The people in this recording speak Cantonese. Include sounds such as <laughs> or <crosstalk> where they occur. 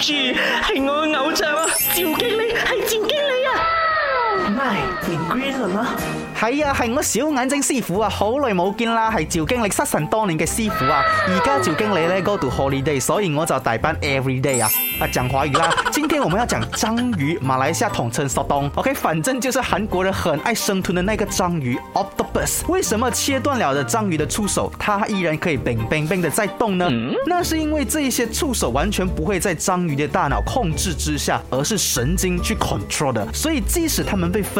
係我嘅偶像啊，趙基。連 green 啦，係啊、哎，係、哎哎、我小眼睛師傅啊，好耐冇見啦，係趙經理失散多年嘅師傅啊，而家趙經理 go 咗 holiday，所以我就代班 everyday 啊，啊，講華語啦， <laughs> 今天我們要講章魚，馬來西亞統稱 Sotong，OK，反正就是韓國人很愛生吞的那個章魚 octopus，為什麼切斷了的章魚的觸手，它依然可以 bing bing bing 的在動呢？嗯、那是因為這些觸手完全不會在章魚的大腦控制之下，而是神經去 control 的，所以即使他們被分